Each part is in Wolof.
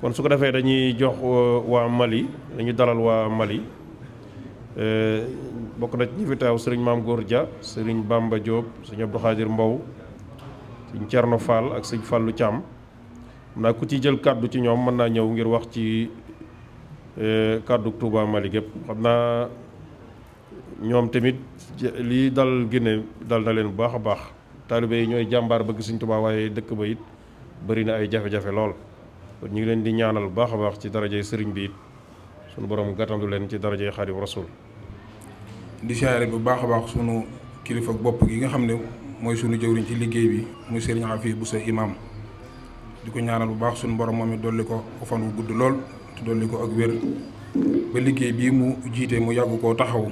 kon su ko defee dañuy jox euh, waa Mali dañuy dalal waa Mali euh, bokk na ci ñi fi teew sëriñ Maam Góor Dia sëriñ Bamba Diop sëriñ Abdou Khadir Mbow sëriñ Thierno Fall ak sëriñ Fallou Thiam mën naa ku ci jël kàddu ci ñoom mën naa ñëw ngir wax ci euh, kàddu Touba Mali gépp xam naa ñoom tamit lii dal Guinée dal na leen bu baax a baax taalibe yi ñooy jàmbaar bëgg sëriñ Touba waaye dëkk ba it bëri na ay jafe-jafe lool kon ñu ngi leen di ñaanal baax a baax ci darajey sëriñ bi it sunu borom gàttandu leen ci darajey xaadim rasul di siyaare bu baax a baax sunu kilifa bopp gi nga xam ne mooy sunu jëwriñ ci liggéey bi muy sëriñ Afi bu sa imaam di ko ñaanal bu baax sunu borom moom it dolli ko fan wu gudd lool te dolli ko ak wér ba liggéey bi mu jiite mu yàgg koo taxaw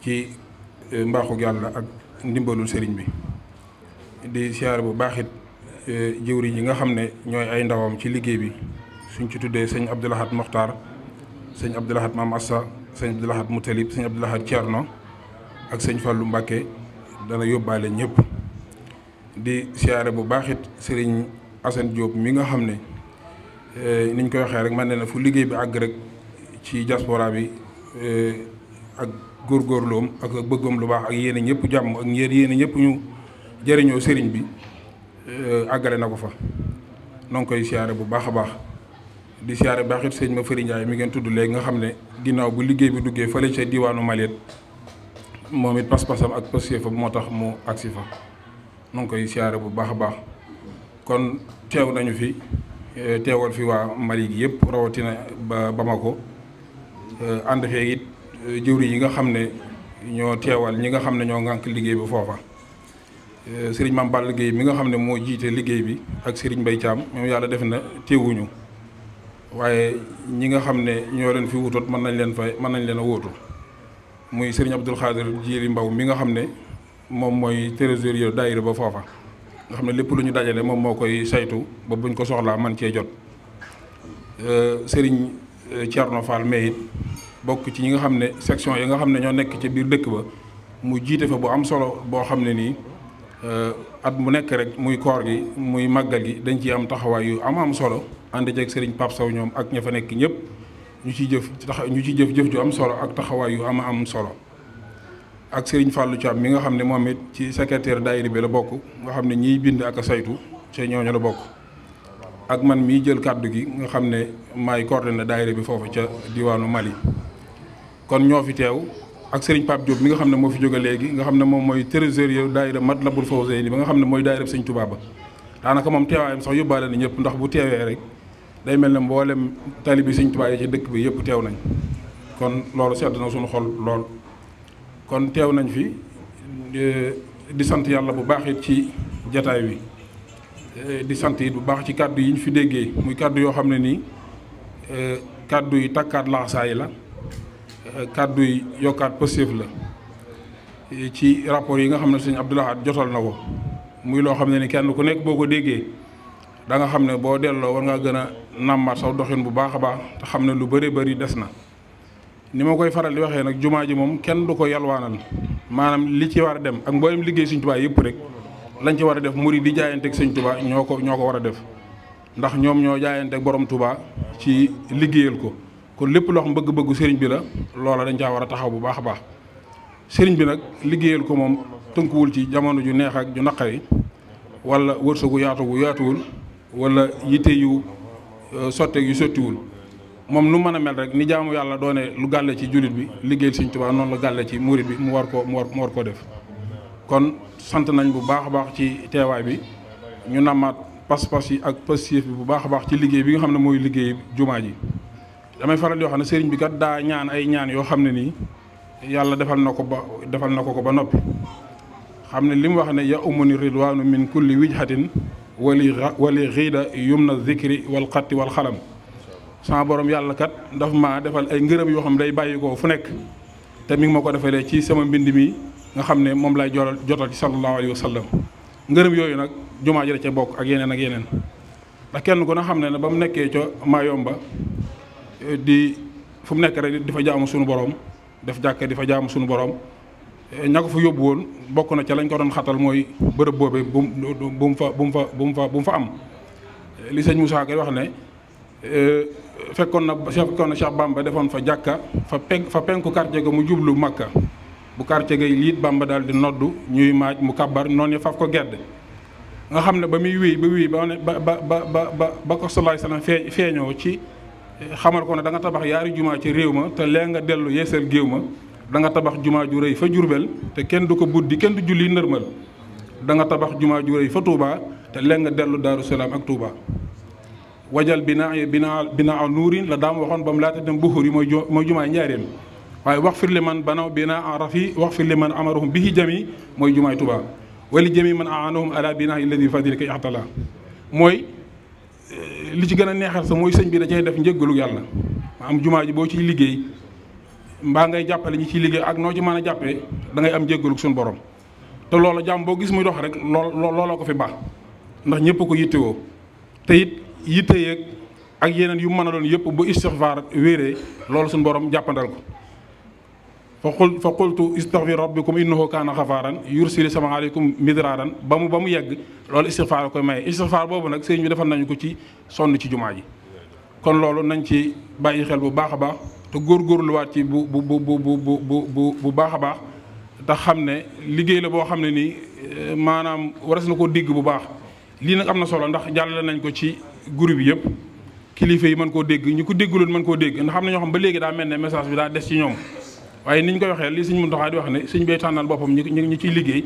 ci eh, mbaaxu yàlla ak ndimbalul sëriñ bi di siyaare bu baaxit Eh, jëwriñ yi nga xam ne ñooy ay ndawam ci liggéey bi suñ ci tuddee sëñ Abdou Lahad Mokhtar sëñ Abdou Lahad Mame Assa sëñ Abdou Lahad Moutalib sëñ Abdou Lahad Thierno ak sëñ Fallou Mbacke dana yóbbaale ñëpp di siyaare bu baaxit sëriñ Assane Diop mi nga xam ne eh, ni ñu koy waxee rek man ne na fu liggéey bi àgg rek ci diaspora bi eh, ak góor góorgóorloom ak bëggoom lu baax ak yéen a ñëpp jàmm ak yéen a ñu jëriñoo sëriñ bi. Euh, àggale na ko fa noo ngi koy siyaare bu baax a baax di siyaare baax sëñ ma Fëri Njaay mi ngeen tudd léegi nga xam ne ginnaaw bu liggéey bi duggee fële ca diwaanu Maliet moom it pas-pasam ak pëstéefam moo tax mu agsi fa noo ngi koy siyaare bu baax a baax kon teew nañu fi euh, teewal fi waa Mali gi yëpp rawatina ba Bamako euh, ànd fee it jëwri yi nga xam ne ñoo teewal ñi nga xam ne ñoo ngànk liggéey bi foofa Euh, sëriñ Mame Balla liggéey bi nga xam ne moo jiite liggéey bi ak sëriñ Mbaye Thiam moom yàlla def na téewuñu waaye ñi nga xam ne ñoo leen fi wutoot mën nañ leen fay mën nañ leen a wóotu muy sëriñ Abdoul Khadir Jili Mbaw mi nga xam ne moom mooy trésorier daayira ba foofa nga xam ne lépp lu ñu dajale moom moo koy saytu ba buñ ko soxlaa man cee jot euh, sëriñ euh, Thierno Fall mais it bokk ci ñi nga xam ne section yi nga xam ne ñoo nekk ci biir dëkk ba mu jiite fa bu am solo boo xam ne nii Euh, at mu nekk rek muy koor gi muy màggal yi dañ ci am taxawaay yu am am solo ànd ceeg sëriñ Pape ñoom ak ña fa nekk ñëpp ñu ci jëf tax ñu ci jëf jëf ju am solo ak taxawaay yu am am solo ak sëriñ Fallou Thiam mi nga xam ne moom it ci secrétaire daayira bi la bokk nga xam ne ñiy bind ak a saytu ca ñooñu la bokk ak man mii jël kàddu gi nga xam ne maay coordonné daayira bi foofu ca diwaanu Mali kon ñoo fi teew. ak Serigne Pape Diop mi nga xam ne moo fi jóge léegi nga xam ne moom mooy trésorier daayira Matlabul Fawzayni ba nga xam ne mooy daayira Serigne Touba ba daanaka moom teewaayam sax yóbbaale na ñëpp ndax bu teewee rek day mel ne mboolem taalibi Serigne Touba yi ci dëkk bi yëpp teew nañ kon loolu sedd na suñu xol lool kon teew nañ fi e, di sant yàlla bu baax it ci jataay wi e, di sant it bu baax ci kàddu yi ñu fi déggee muy kàddu yoo xam ne nii e, kàddu yi takkaat laxasaay la kàddu yi yokkaat positif la ci rapport yi nga xam ne sëñ Abdou Lahad jotal na ko muy loo xam ne ni kenn ku nekk boo ko déggee da nga xam ne boo delloo war ngaa gën a nàmmaat doxin bu baax a baax te xam ne lu bëri bari des na ni ma koy faral di waxee nag jumaa ji moom kenn du ko yalwaanal maanaam li ci war a dem ak mboolem liggéey sëñ Tuubaa yëpp rek lañ ci war a def murid di jaayanteeg sëñ tubaa ñoo ko ñoo ko war a def ndax ñoom ñoo jaayanteeg borom Tuubaa ci liggéeyal ko kon lépp loo xam bëgg-bëggu sëriñ bi la loola dañ caa war a taxaw bu baax a baax sëriñ bi nag liggéeyal ko moom tënkuwul ci jamono ju neex ak ju naqari wala wërsëgu yaatu gu yaatuwul wala yitte yu euh, sotteeg yu sottiwul moom lu mën a mel rek ni jaamu yàlla doone lu gàlle ci jullit bi liggéeyal sëriñ Tuubaa noonu la gàlle ci murit bi mu war koo mu war mu koo def kon sant nañ bu baax a baax ci teewaay bi ñu namaat pas-pas yi ak positif bi bu baax a baax ci liggéey bi nga xam ne mooy liggéey jumaa ji damay faral yoo xam ne sëriñ bi kat daa ñaan ay ñaan yoo xam ne nii yàlla defal na ko ba defal na ko ko ba noppi xam ne li mu wax ne ya umuni ridwaanu min kulli wijhatin wali wali xiida yum na zikri wal xatti wal xalam sama borom yàlla kat daf ma defal ay ngërëm yoo xam ne day bàyyi ko fu nekk te mi ngi ma ko defalee ci sama mbind mi nga xam ne moom lay joral jotal ci sallallahu alayhi wa sallam yooyu nag jumaa ji da ca bokk ak yeneen ak yeneen ndax kenn ko ne xam ne na ba mu nekkee ca Mayomba di fu mu nekk rek di fa jaamu suñu boroom def jàkk di fa jaamu suñu boroom ña ko fa yóbbu woon bokk na ca lañ ko doon xatal mooy bërëb boobee bu mu fa bu mu fa bu mu fa bu mu fa am li sa Moussa Ka wax ne e, fekkoon na fekkoon na Cheikh Bamba defoon fa jàkka fa penk fa penku quartier ga mu jublu Makka bu quartier gay daal di noddu ñuy maaj mu kabar noonu ya ko gedd xam ne ba muy wéy ba ba ba ba ba feeñoo ci xamal ko ne da nga tabax yaari jumaa ci réew ma te lee nga dellu yeesal géew ma da nga tabax jumaa ju rëy fa Jurbel te kenn du ko buddi kenn du julli nërmal da nga tabax jumaa ju rëy fa tuuba te lee nga dellu Daaru Salaam ak Touba. wajal binaa binaa binaa nuurin la daam waxoon ba mu laata dem buxur yi mooy ju mooy jumaay njaareem waaye wax firli man banaw binaa rafi wax firli man amarahum bihi jami mooy jumaay Touba wali jami man aanahum ala binaa alladi mooy. li ci gën a neexal sa mooy sëñ bi da cay def njëggalu yàlla ma am jumaa ji boo ciy liggéey mbaa ngay jàppale ñi ciy liggéey ak noo ci mën a jàppee dangay am njëggalu suñu borom te loola jàmm boo gis muy dox rek lool looloo ko fi baax ndax ñëpp ko yittewoo te it yitte yeeg ak yeneen yu mën a doon yëpp bu istixfaar wéeree loolu suñu borom jàppandal ko fa qul fa qultu istaghfir rabbikum innahu kaana xafaaran yursili sama aleykum midraaran ba mu ba mu yegg loolu istighfar la koy maye istighfar boobu nag sëriñ bi defal nañu ko ci sonn ci jumaa ji kon loolu nañ ci bàyyi xel bu baax a baax te góorgóorluwaat ci bu bu bu bu bu bu bu baax a baax te xam ne liggéey la boo xam ne nii eh, maanaam waras na ko digg bu baax lii nag am na solo ndax jàllale nañ ko ci groupe yëpp kilifa yi mën koo dégg ñu ko dégguloon mën koo dégg ndax xam ne ñoo mel ne message bi daa des waaye ni ñu koy waxee li sëñ Muntaxa di wax ne sëñ bay tànnal boppam ñi ñi ciy liggéey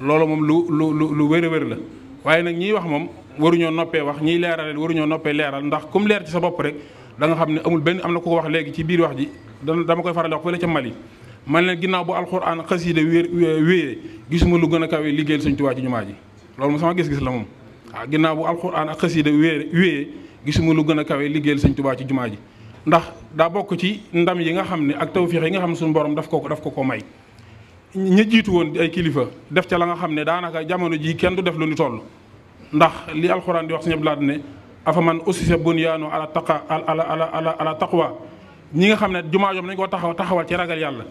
loolu moom lu lu lu lu wér a wér la waaye nag ñiy wax moom waruñoo noppee wax ñiy leeralal waruñoo noppee leeral ndax comme leer ci sa bopp rek da nga xam ne amul benn am na ku ko wax léegi ci biir wax ji dama koy faral wax fële ca Mali man leen ginnaaw bu alxuraan xasida wéer wéyee gisuma lu gën a kawee liggéeyal sëñ Tuubaa ci jumaa ji loolu moom sama gis-gis la moom waaw ginnaaw bu alxuraan ak xasida wéer wéyee gisuma lu gën a kawee liggéeyal sëñ Tuubaa ci jumaa ji ndax daa bokk ci ndam yi nga xam ne ak tawféex yi nga xam ne suñu borom daf ko daf ko ko may ña jiitu woon ay kilifa def ca la nga xam ne daanaka jamono jii kenn du def lu nu toll ndax li alxuraan di wax suñu blaat ne afaman ussisa bunyaanu ala taqa ala ala ala taqwa ñi nga xam ne jumaa joom nañ koo taxaw taxawal ci ragal yàlla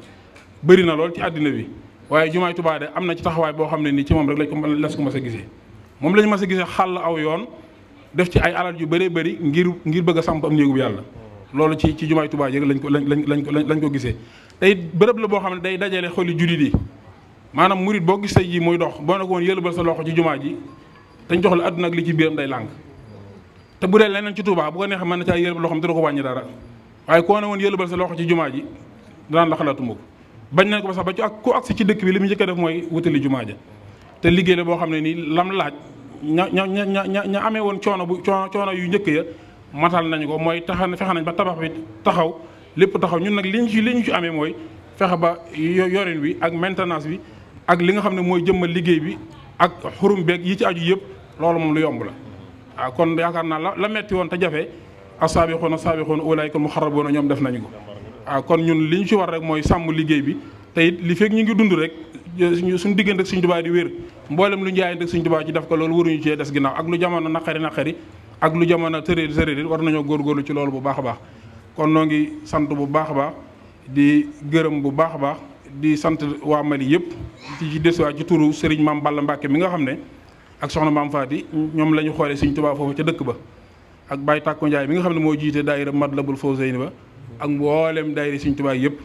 bari na lool ci àddina bi waaye jumaay Tuubaa de am na ci taxawaay boo xam ne nii ci moom rek lañ ko las ko mas a gisee moom lañ mas a gisee xàll aw yoon def ci ay alal yu bëree bëri ngir ngir bëgg a samp yàlla loolu ci ci jumaa Tuubaa yëg lañ ko lañ lañ ko lañ ko gisee tey bërëb la boo xam ne day dajale xoli jullit yi maanaam murit boo gis gisee ji muy dox boo na ko woon sa loxo ci jumaa ji dañ jox la àdduna ak ci biiram day làng te bu dee leneen ci Tuubaa bu ko neexee mën na caa yëlbal loxoom te du ko wàññi dara waaye koo ne woon yëlbal sa loxo ci jumaa ji danaan la xalaatuma ko bañ nañ ko ba sax ba ci ak ku agsi ci dëkk bi li mu njëkk def mooy wutali jumaa ja te liggéey la boo xam ne nii lam laaj ña ña ña ña amee woon coono bu coono yu njëkk ya matal nañu ko mooy taxa fexe nañ ba tabax bi taxaw lépp taxaw ñun nag liñ ci li ñu ci amee mooy fexe ba yorin wi ak maintenance bi ak li nga xam ne mooy jëmmal liggéey bi ak xurum beeg yi ci aju yëpp loolu moom lu yomb la waaw kon yaakaar naa la la metti woon te jafe a as-saabiquuna as-saabiquuna ulaa'ika al-muqarrabuuna ñoom def nañu ko kon ñun li ñu ci war rek mooy sàmm liggéey bi te it li fekk ñu ngi dund rek suñu diggante ak suñu Tuubaa di wér mboolem lu ñu jaayante ak suñu Tuubaa ci def ko loolu waruñu cee des ginnaaw ak lu jamono naqari naqari ak lu jamono tëree tëree war nañoo góorgóorlu ci loolu bu baax baax kon noo ngi sant bu baax a baax di gërëm bu baax a baax di sant waa Mali yëpp ci desuwaat ci turu Serigne Maam Balla mbaake mi nga xam ne ak soxna Maam Faati ñoom lañu ñu xoolee Serigne Touba foofu ca dëkk ba ak baay Tàkko Ndiaye bi nga xam ne moo jiite daayira Matlabul Fawzayni ba ak mboolem daayira Serigne Touba yëpp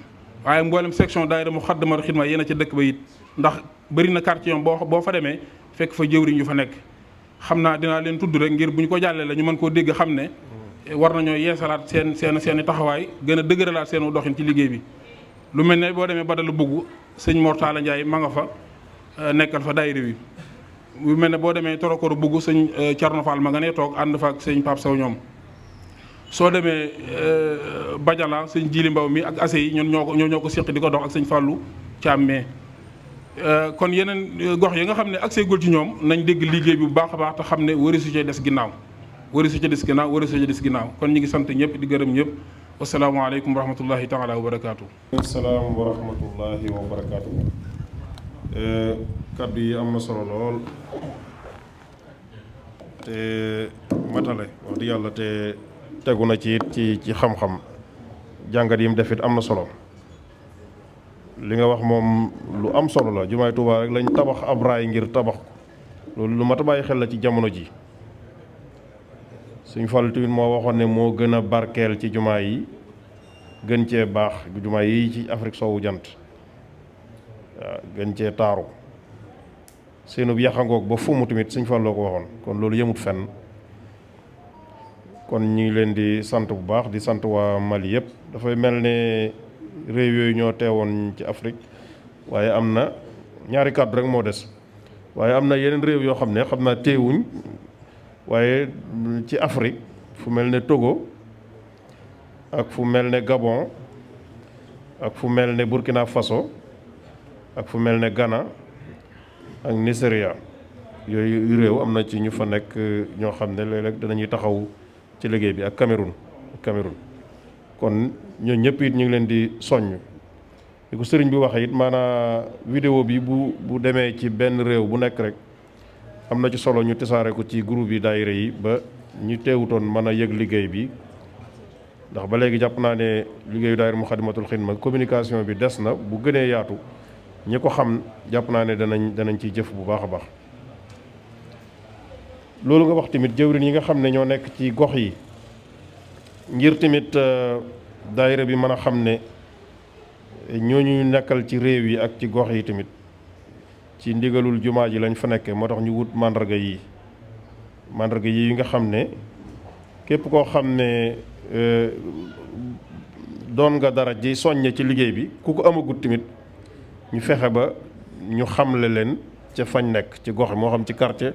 waaye mboolem section daayira mu xaddamaru ma yéen a ca dëkk ba it ndax bëri na quartier yoom boo boo fa demee fekk fa jëwriñ yu fa nekk xam naa dinaa leen tudd rek ngir bu ñu ko jàllee la ñu mën koo dégg xam ne war na ñoo yeesalaat seen seen seen i taxawaay gën a dëgëralaat seenu doxin ci liggéey bi lu mel ne boo demee Badalu Bugg sëñ Mor Talla Ndiaye ma nga fa euh, nekkal fa daayira bi lu mel ne boo demee Torokoro Bugg sëñ Thierno euh, Fall ma nga ne toog ànd fa ak sëñ Pape Sow ñoom soo demee euh, Badiala sëñ jiili Mbaw mi ak ase yi ñun ñoo ko ñoo ko séq di ko dox ak sëñ Fallou Thiam Euh, kon yeneen euh, gox yi nga xam ne accès gul ci ñoom nañ dégg liggéey bi bu baax a baax te xam ne wari su des ginnaaw wari su des ginnaaw wari des ginnaaw kon ñu ngi sant ñëpp di gërëm ñëpp wasalaamaaleykum wa rahmatullahi taala wa barakaatu. salaam wa rahmatullahi wa barakaatu. Euh, kaddu yi am na solo lool te matale wax dëgg yàlla te tegu na ci ci ci xam-xam jàngat yi mu def it am na solo. li nga wax moom lu am solo la jumaay Touba rek lañ tabax ab raay ngir tabax ko loolu lu mat a bàyyi xel la ci jamono ji suñ Fallu tamit moo waxoon ne moo gën a barkeel ci jumaa yi gën cee baax jumaa yi ci Afrique soowu jant waaw gën cee taaru seenub yaxangoog ba fumu tamit suñ Falloo ko waxoon kon loolu yemut fenn kon ñu ngi leen di sant bu baax di sant waa Mali yëpp dafay mel ne réew yooyu ñoo teewoon ci Afrique waaye am na ñaari kàddu rek moo des waaye am na yeneen réew yoo xam ne xam naa téewuñ waaye ci Afrique fu mel ne Togo ak fu mel ne Gabon ak fu mel ne Burkina Faso ak fu mel ne Ghana ak Nigeria yooyu réew am na ci ñu fa nekk ñoo xam ne léeg-léeg danañuy taxaw ci liggéey bi ak Cameroun Cameroun kon ñoo ñëpp it ñu ngi leen di soññ li ko sëriñ bi waxee it maanaa vidéo bi bu bu demee ci benn réew bu nekk rek am na ci solo ñu tisaare ko ci groupe yi daayira yi ba ñu teewutoon mën a yëg liggéey bi ndax ba léegi jàpp naa ne liggéeyu daayira Muxaddamatul Xidma communication bi des na bu gënee yaatu ñi ko xam jàpp naa ne danañ danañ ciy jëf bu baax a baax loolu nga wax tamit jëwriñ yi nga xam ne ñoo nekk ci gox yi ngir tamit euh, daayira bi mën a xam ne ñooñu nekkal ci réew yi ak ci gox yi tamit ci ndigalul jumaa ji lañ fa nekkee moo tax ñu wut màndarga yi màndarga yi nga xam ne képp koo xam ne euh, doon nga dara ji soññe ci liggéey bi ku ko amagut tamit ñu fexe ba ñu xamle leen ca fañ nekk ci gox bi moo xam ci quartier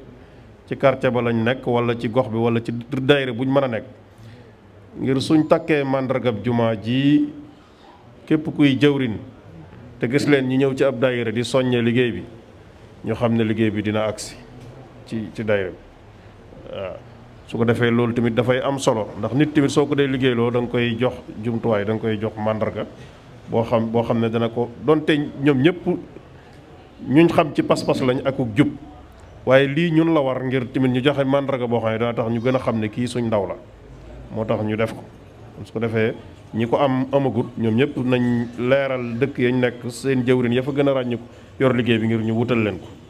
ci quartier ba lañ nekk wala ci gox bi wala ci bu ñu mën a nekk ngir suñ takkee màndargab jumaa ji képp kuy jëwrin te gis leen ñi ñëw ci ab daayira di soññee liggéey bi ñu xam ne liggéey bi dina agsi ci ci daayira bi waaw su ko defee loolu tamit dafay am solo ndax nit tamit soo ko dee liggéeyloo da nga koy jox jumtuwaay da nga koy jox màndarga boo xam boo xam ne dana ko donte ñoom ñëpp ñuñ xam ci pas-pas lañ akuk jub waaye lii ñun la war ngir tamit ñu joxe màndarga boo xam ne daa tax ñu gën a xam ne kii suñ ndaw la moo tax ñu def ko su ko defee ñi ko am amagut ñoom ñëpp nañ leeral dëkk yañ nekk seen jëwrin ya fa gën a ràññiku yor liggéey bi ngir ñu wutal leen ko